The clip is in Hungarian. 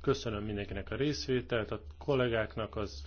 Köszönöm mindenkinek a részvételt, a kollégáknak, az